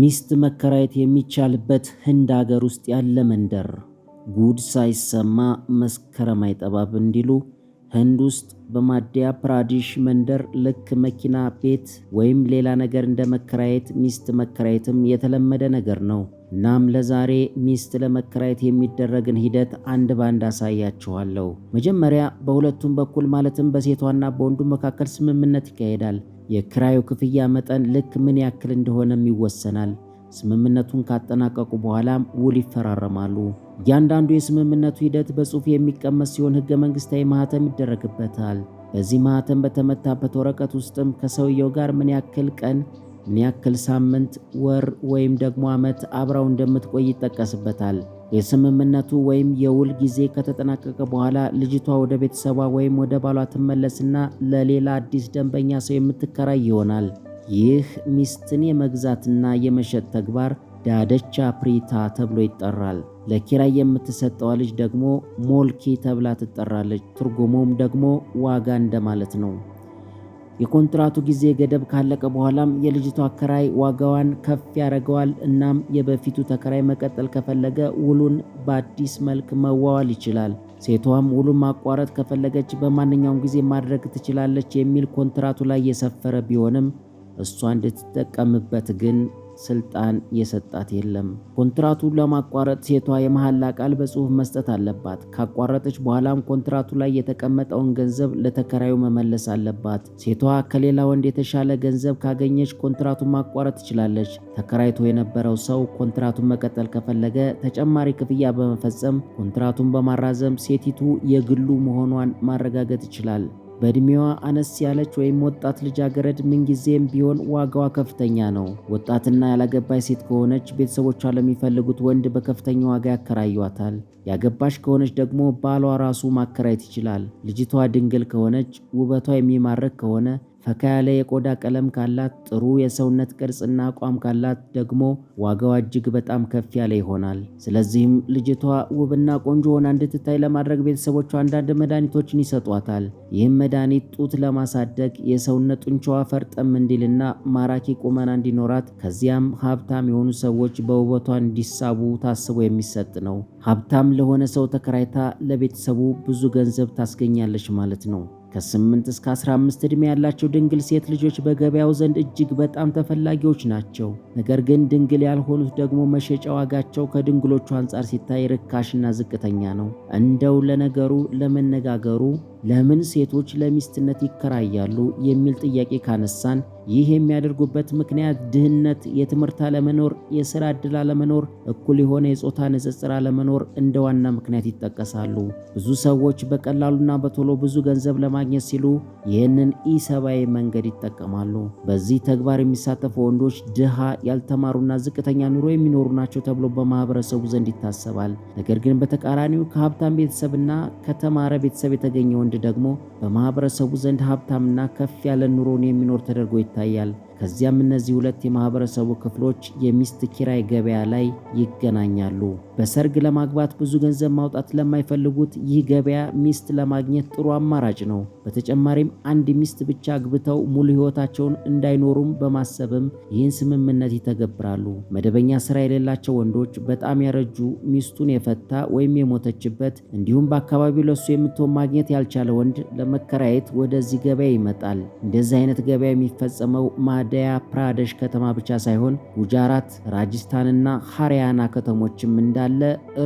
ሚስት መከራየት የሚቻልበት ህንድ አገር ውስጥ ያለ መንደር ጉድ ሳይሰማ መስከረም አይጠባብ እንዲሉ ህንድ ውስጥ በማዲያ ፕራዲሽ መንደር ልክ መኪና፣ ቤት ወይም ሌላ ነገር እንደ መከራየት ሚስት መከራየትም የተለመደ ነገር ነው። እናም ለዛሬ ሚስት ለመከራየት የሚደረግን ሂደት አንድ ባንድ አሳያችኋለሁ። መጀመሪያ በሁለቱም በኩል ማለትም በሴቷና በወንዱ መካከል ስምምነት ይካሄዳል። የክራዩ ክፍያ መጠን ልክ ምን ያክል እንደሆነም ይወሰናል። ስምምነቱን ካጠናቀቁ በኋላም ውል ይፈራረማሉ። እያንዳንዱ የስምምነቱ ሂደት በጽሑፍ የሚቀመጥ ሲሆን ሕገ መንግሥታዊ ማኅተም ይደረግበታል። በዚህ ማኅተም በተመታበት ወረቀት ውስጥም ከሰውየው ጋር ምን ያክል ቀን፣ ምን ያክል ሳምንት፣ ወር ወይም ደግሞ ዓመት አብራው እንደምትቆይ ይጠቀስበታል። የስምምነቱ ወይም የውል ጊዜ ከተጠናቀቀ በኋላ ልጅቷ ወደ ቤተሰቧ ወይም ወደ ባሏ ትመለስና ለሌላ አዲስ ደንበኛ ሰው የምትከራይ ይሆናል። ይህ ሚስትን የመግዛትና የመሸጥ ተግባር ዳደቻ ፕሪታ ተብሎ ይጠራል። ለኪራይ የምትሰጠዋ ልጅ ደግሞ ሞልኪ ተብላ ትጠራለች። ትርጉሙም ደግሞ ዋጋ እንደማለት ነው። የኮንትራቱ ጊዜ ገደብ ካለቀ በኋላም የልጅቷ አከራይ ዋጋዋን ከፍ ያደርገዋል። እናም የበፊቱ ተከራይ መቀጠል ከፈለገ ውሉን በአዲስ መልክ መዋዋል ይችላል። ሴቷም ውሉን ማቋረጥ ከፈለገች በማንኛውም ጊዜ ማድረግ ትችላለች የሚል ኮንትራቱ ላይ የሰፈረ ቢሆንም እሷ እንድትጠቀምበት ግን ስልጣን የሰጣት የለም። ኮንትራቱን ለማቋረጥ ሴቷ የመሐላ ቃል በጽሁፍ መስጠት አለባት። ካቋረጠች በኋላም ኮንትራቱ ላይ የተቀመጠውን ገንዘብ ለተከራዩ መመለስ አለባት። ሴቷ ከሌላ ወንድ የተሻለ ገንዘብ ካገኘች ኮንትራቱን ማቋረጥ ትችላለች። ተከራይቶ የነበረው ሰው ኮንትራቱን መቀጠል ከፈለገ ተጨማሪ ክፍያ በመፈጸም ኮንትራቱን በማራዘም ሴቲቱ የግሉ መሆኗን ማረጋገጥ ይችላል። በእድሜዋ አነስ ያለች ወይም ወጣት ልጃገረድ ምንጊዜም ቢሆን ዋጋዋ ከፍተኛ ነው። ወጣትና ያላገባች ሴት ከሆነች ቤተሰቦቿ ለሚፈልጉት ወንድ በከፍተኛ ዋጋ ያከራዩታል። ያገባች ከሆነች ደግሞ ባሏ ራሱ ማከራየት ይችላል። ልጅቷ ድንግል ከሆነች፣ ውበቷ የሚማርክ ከሆነ ፈካ ያለ የቆዳ ቀለም ካላት፣ ጥሩ የሰውነት ቅርጽና አቋም ካላት ደግሞ ዋጋዋ እጅግ በጣም ከፍ ያለ ይሆናል። ስለዚህም ልጅቷ ውብና ቆንጆ ሆና እንድትታይ ለማድረግ ቤተሰቦቿ አንዳንድ መድኃኒቶችን ይሰጧታል። ይህም መድኃኒት ጡት ለማሳደግ፣ የሰውነት ጡንቻዋ ፈርጠም እንዲልና ማራኪ ቁመና እንዲኖራት፣ ከዚያም ሀብታም የሆኑ ሰዎች በውበቷ እንዲሳቡ ታስቦ የሚሰጥ ነው። ሀብታም ለሆነ ሰው ተከራይታ ለቤተሰቡ ብዙ ገንዘብ ታስገኛለች ማለት ነው። ከ8 እስከ 15 ዕድሜ ያላቸው ድንግል ሴት ልጆች በገበያው ዘንድ እጅግ በጣም ተፈላጊዎች ናቸው። ነገር ግን ድንግል ያልሆኑት ደግሞ መሸጫ ዋጋቸው ከድንግሎቹ አንጻር ሲታይ ርካሽና ዝቅተኛ ነው። እንደው ለነገሩ ለመነጋገሩ ለምን ሴቶች ለሚስትነት ይከራያሉ የሚል ጥያቄ ካነሳን ይህ የሚያደርጉበት ምክንያት ድህነት፣ የትምህርት አለመኖር፣ የስራ ዕድል አለመኖር፣ እኩል የሆነ የጾታ ንጽጽር አለመኖር እንደ ዋና ምክንያት ይጠቀሳሉ። ብዙ ሰዎች በቀላሉና በቶሎ ብዙ ገንዘብ ለማግኘት ሲሉ ይህንን ኢሰብአዊ መንገድ ይጠቀማሉ። በዚህ ተግባር የሚሳተፉ ወንዶች ድሃ፣ ያልተማሩና ዝቅተኛ ኑሮ የሚኖሩ ናቸው ተብሎ በማህበረሰቡ ዘንድ ይታሰባል። ነገር ግን በተቃራኒው ከሀብታም ቤተሰብና ከተማረ ቤተሰብ የተገኘ ወንድ ወንድ ደግሞ በማህበረሰቡ ዘንድ ሀብታምና ከፍ ያለ ኑሮን የሚኖር ተደርጎ ይታያል። ከዚያም እነዚህ ሁለት የማህበረሰቡ ክፍሎች የሚስት ኪራይ ገበያ ላይ ይገናኛሉ። በሰርግ ለማግባት ብዙ ገንዘብ ማውጣት ለማይፈልጉት ይህ ገበያ ሚስት ለማግኘት ጥሩ አማራጭ ነው። በተጨማሪም አንድ ሚስት ብቻ አግብተው ሙሉ ሕይወታቸውን እንዳይኖሩም በማሰብም ይህን ስምምነት ይተገብራሉ። መደበኛ ስራ የሌላቸው ወንዶች በጣም ያረጁ፣ ሚስቱን የፈታ ወይም የሞተችበት እንዲሁም በአካባቢው ለሱ የምትሆን ማግኘት ያልቻለ ወንድ ለመከራየት ወደዚህ ገበያ ይመጣል። እንደዚህ አይነት ገበያ የሚፈጸመው ማድ ፕራደሽ ከተማ ብቻ ሳይሆን ጉጃራት፣ ራጅስታንና ሃሪያና ከተሞችም እንዳለ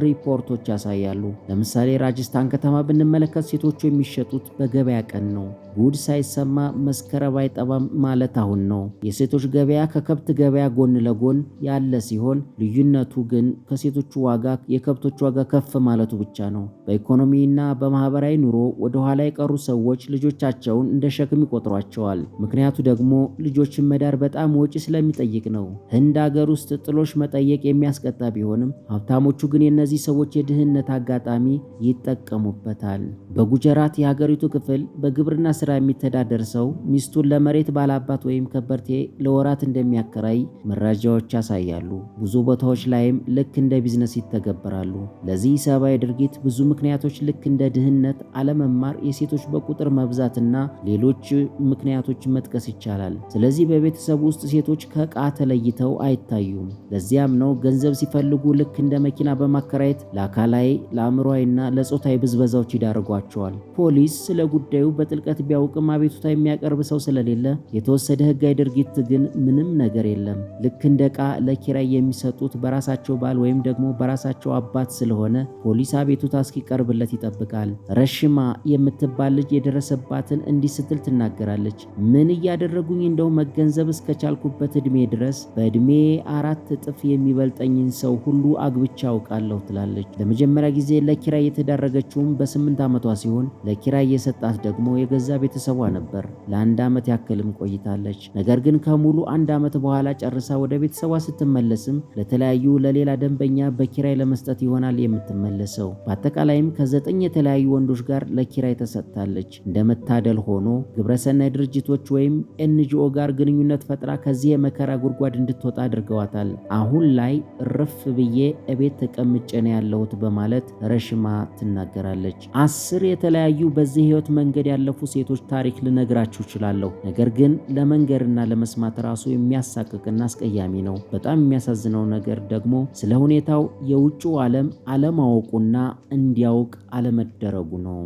ሪፖርቶች ያሳያሉ። ለምሳሌ ራጅስታን ከተማ ብንመለከት ሴቶቹ የሚሸጡት በገበያ ቀን ነው። ጉድ ሳይሰማ መስከረም አይጠባም ማለት አሁን ነው። የሴቶች ገበያ ከከብት ገበያ ጎን ለጎን ያለ ሲሆን ልዩነቱ ግን ከሴቶቹ ዋጋ የከብቶች ዋጋ ከፍ ማለቱ ብቻ ነው። በኢኮኖሚና በማህበራዊ ኑሮ ወደኋላ የቀሩ ሰዎች ልጆቻቸውን እንደ ሸክም ይቆጥሯቸዋል። ምክንያቱ ደግሞ ልጆችን መዳር በጣም ወጪ ስለሚጠይቅ ነው። ህንድ አገር ውስጥ ጥሎሽ መጠየቅ የሚያስቀጣ ቢሆንም ሀብታሞቹ ግን የእነዚህ ሰዎች የድህነት አጋጣሚ ይጠቀሙበታል። በጉጀራት የሀገሪቱ ክፍል በግብርና ስራ የሚተዳደር ሰው ሚስቱን ለመሬት ባላባት ወይም ከበርቴ ለወራት እንደሚያከራይ መረጃዎች ያሳያሉ። ብዙ ቦታዎች ላይም ልክ እንደ ቢዝነስ ይተገበራሉ። ለዚህ ሰብአዊ ድርጊት ብዙ ምክንያቶች ልክ እንደ ድህነት፣ አለመማር፣ የሴቶች በቁጥር መብዛትና ሌሎች ምክንያቶች መጥቀስ ይቻላል። ስለዚህ በቤተሰብ ውስጥ ሴቶች ከእቃ ተለይተው አይታዩም። ለዚያም ነው ገንዘብ ሲፈልጉ ልክ እንደ መኪና በማከራየት ለአካላዊ ለአእምሯዊና ለጾታዊ ብዝበዛዎች ይዳርጓቸው አድርጓቸዋል። ፖሊስ ስለ ጉዳዩ በጥልቀት ቢያውቅም አቤቱታ የሚያቀርብ ሰው ስለሌለ የተወሰደ ህጋዊ ድርጊት ግን ምንም ነገር የለም። ልክ እንደ ዕቃ ለኪራይ የሚሰጡት በራሳቸው ባል ወይም ደግሞ በራሳቸው አባት ስለሆነ ፖሊስ አቤቱታ እስኪቀርብለት ይጠብቃል። ረሽማ የምትባል ልጅ የደረሰባትን እንዲህ ስትል ትናገራለች። ምን እያደረጉኝ እንደው መገንዘብ እስከቻልኩበት ዕድሜ ድረስ በዕድሜ አራት እጥፍ የሚበልጠኝን ሰው ሁሉ አግብቻ አውቃለሁ ትላለች። ለመጀመሪያ ጊዜ ለኪራይ የተዳረገችውም በስምንት ዓመቷ ሲሆን ለኪራይ የሰጣት ደግሞ የገዛ ቤተሰቧ ነበር። ለአንድ ዓመት ያክልም ቆይታለች። ነገር ግን ከሙሉ አንድ ዓመት በኋላ ጨርሳ ወደ ቤተሰቧ ስትመለስም ለተለያዩ ለሌላ ደንበኛ በኪራይ ለመስጠት ይሆናል የምትመለሰው። በአጠቃላይም ከዘጠኝ የተለያዩ ወንዶች ጋር ለኪራይ ተሰጥታለች። እንደመታደል ሆኖ ግብረሰናይ ድርጅቶች ወይም ኤንጂኦ ጋር ግንኙነት ፈጥራ ከዚህ የመከራ ጉድጓድ እንድትወጣ አድርገዋታል። አሁን ላይ እርፍ ብዬ እቤት ተቀምጬ ነው ያለሁት በማለት ረሽማ ትናገራለች። አስ አስር የተለያዩ በዚህ ህይወት መንገድ ያለፉ ሴቶች ታሪክ ልነግራችሁ እችላለሁ። ነገር ግን ለመንገርና ለመስማት ራሱ የሚያሳቅቅና አስቀያሚ ነው። በጣም የሚያሳዝነው ነገር ደግሞ ስለ ሁኔታው የውጭው ዓለም አለማወቁና እንዲያውቅ አለመደረጉ ነው።